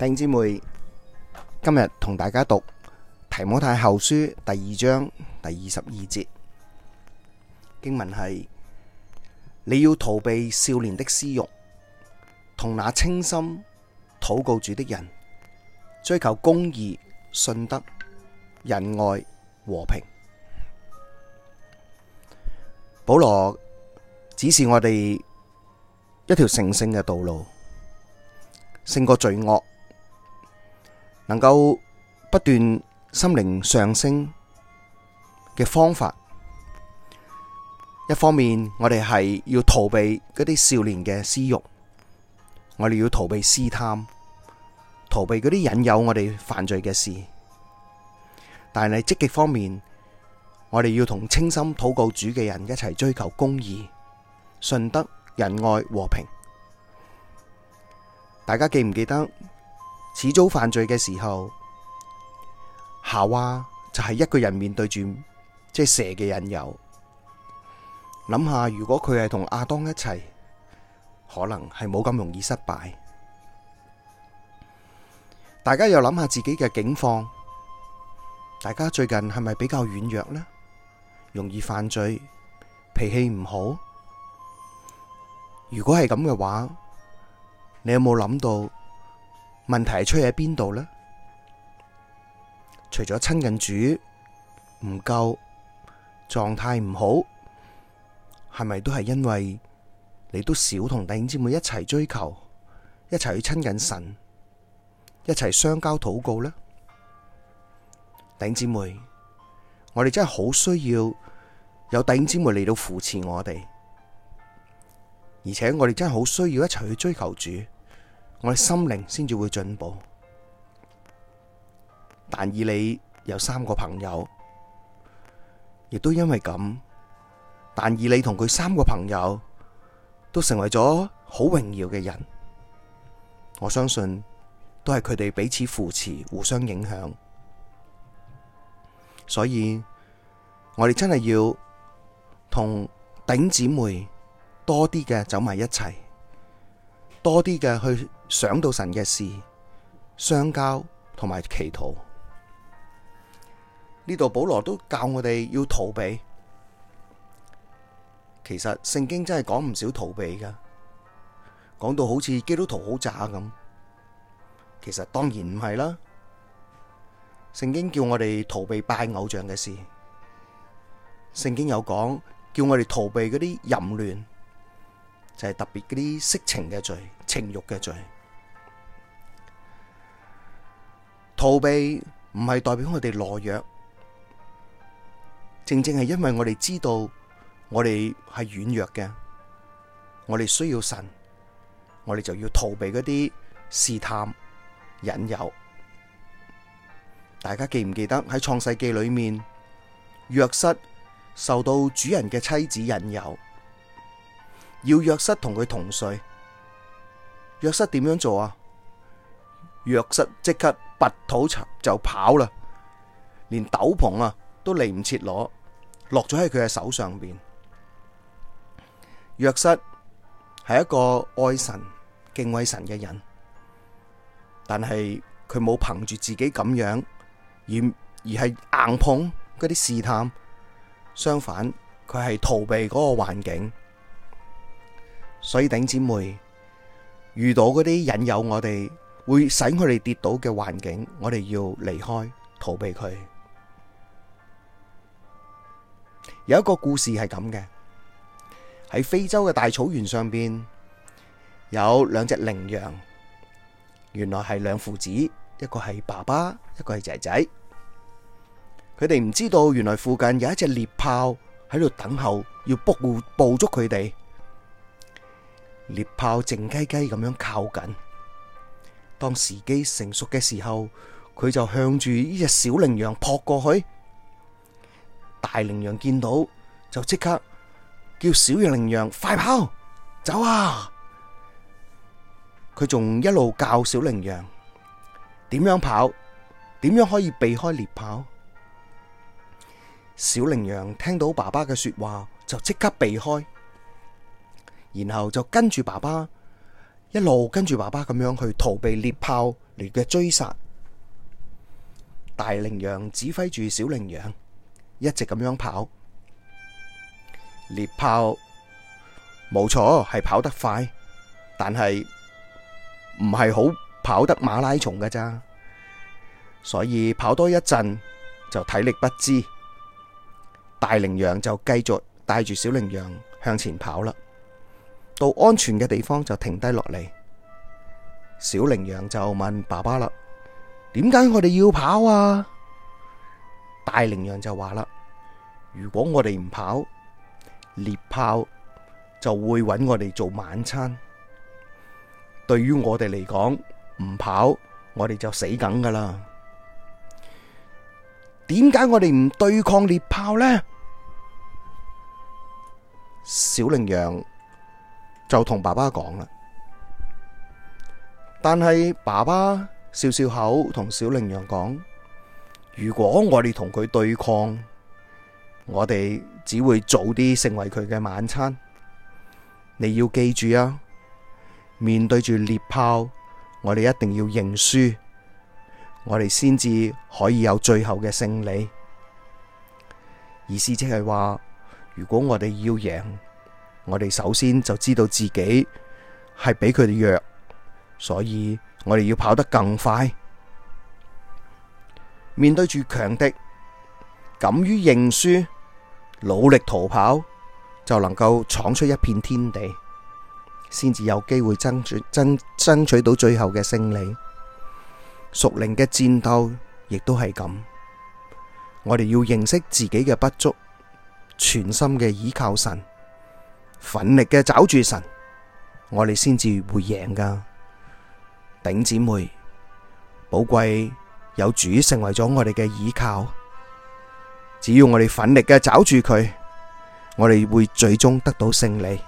弟兄姊妹，今日同大家讀《提摩太後書》第二章第二十二節經文係：你要逃避少年的私欲，同那清心禱告主的人追求公義、信德、仁愛、和平。保羅指示我哋一條成聖嘅道路，勝過罪惡。能夠不斷心靈上升嘅方法，一方面我哋係要逃避嗰啲少年嘅私慾，我哋要逃避試探，逃避嗰啲引誘我哋犯罪嘅事。但係積極方面，我哋要同清心禱告主嘅人一齊追求公義、信德、仁愛、和平。大家記唔記得？始早犯罪嘅時候，夏娃就係一個人面對住即係蛇嘅引誘，諗下如果佢係同亞當一齊，可能係冇咁容易失敗。大家又諗下自己嘅境況，大家最近係咪比較軟弱呢？容易犯罪，脾氣唔好。如果係咁嘅話，你有冇諗到？問題係出喺邊度呢？除咗親近主唔夠，狀態唔好，係咪都係因為你都少同弟兄姊妹一齊追求，一齊去親近神，一齊相交禱告呢？弟兄姊妹，我哋真係好需要有弟兄姊妹嚟到扶持我哋，而且我哋真係好需要一齊去追求主。我哋心靈先至會進步，但以理有三個朋友，亦都因為咁，但以理同佢三個朋友都成為咗好榮耀嘅人，我相信都係佢哋彼此扶持、互相影響，所以我哋真係要同頂姊妹多啲嘅走埋一齊，多啲嘅去。想到神嘅事，相交同埋祈禱。呢度，保羅都教我哋要逃避。其實聖經真係講唔少逃避噶，講到好似基督徒好渣咁。其實當然唔係啦。聖經叫我哋逃避拜偶像嘅事。聖經有講叫我哋逃避嗰啲淫亂，就係特別嗰啲色情嘅罪、情慾嘅罪。逃避唔係代表我哋懦弱，正正係因為我哋知道我哋係軟弱嘅，我哋需要神，我哋就要逃避嗰啲試探引誘。大家記唔記得喺創世記裏面，約瑟受到主人嘅妻子引誘，要約瑟同佢同睡，約瑟點樣做啊？約瑟即刻。拔土就跑啦，連斗篷啊都嚟唔切攞，落咗喺佢嘅手上邊。約瑟係一個愛神、敬畏神嘅人，但係佢冇憑住自己咁樣，而而係硬碰嗰啲試探，相反佢係逃避嗰個環境。所以頂姐妹遇到嗰啲引誘我哋。會使我哋跌倒嘅環境，我哋要離開，逃避佢。有一個故事係咁嘅，喺非洲嘅大草原上邊，有兩隻羚羊，原來係兩父子，一個係爸爸，一個係仔仔。佢哋唔知道，原來附近有一隻獵豹喺度等候，要捕捕捉佢哋。獵豹靜雞雞咁樣靠近。當時機成熟嘅時候，佢就向住呢隻小羚羊撲過去。大羚羊見到就即刻叫小羚羊快跑，走啊！佢仲一路教小羚羊點樣跑，點樣可以避開獵豹。小羚羊聽到爸爸嘅說話就即刻避開，然後就跟住爸爸。一路跟住爸爸咁樣去逃避獵豹嚟嘅追殺，大羚羊指揮住小羚羊，一直咁樣跑。獵豹冇錯係跑得快，但係唔係好跑得馬拉松㗎咋，所以跑多一陣就體力不支。大羚羊就繼續帶住小羚羊向前跑啦。到安全嘅地方就停低落嚟。小羚羊就問爸爸啦：點解我哋要跑啊？大羚羊就話啦：如果我哋唔跑，獵豹就會搵我哋做晚餐。對於我哋嚟講，唔跑我哋就死梗噶啦。點解我哋唔對抗獵豹呢？小羚羊。就同爸爸講啦，但係爸爸笑笑口同小羚羊講：如果我哋同佢對抗，我哋只會早啲成為佢嘅晚餐。你要記住啊，面對住獵豹，我哋一定要認輸，我哋先至可以有最後嘅勝利。意思即係話，如果我哋要贏。我哋首先就知道自己係比佢哋弱，所以我哋要跑得更快。面對住強敵，敢於認輸，努力逃跑，就能夠闖出一片天地，先至有機會爭取爭爭取到最後嘅勝利。屬靈嘅戰鬥亦都係咁，我哋要認識自己嘅不足，全心嘅倚靠神，奮力嘅抓住神，我哋先至會贏㗎。頂姊妹，寶貴有主成為咗我哋嘅依靠，只要我哋奮力嘅抓住佢，我哋會最終得到勝利。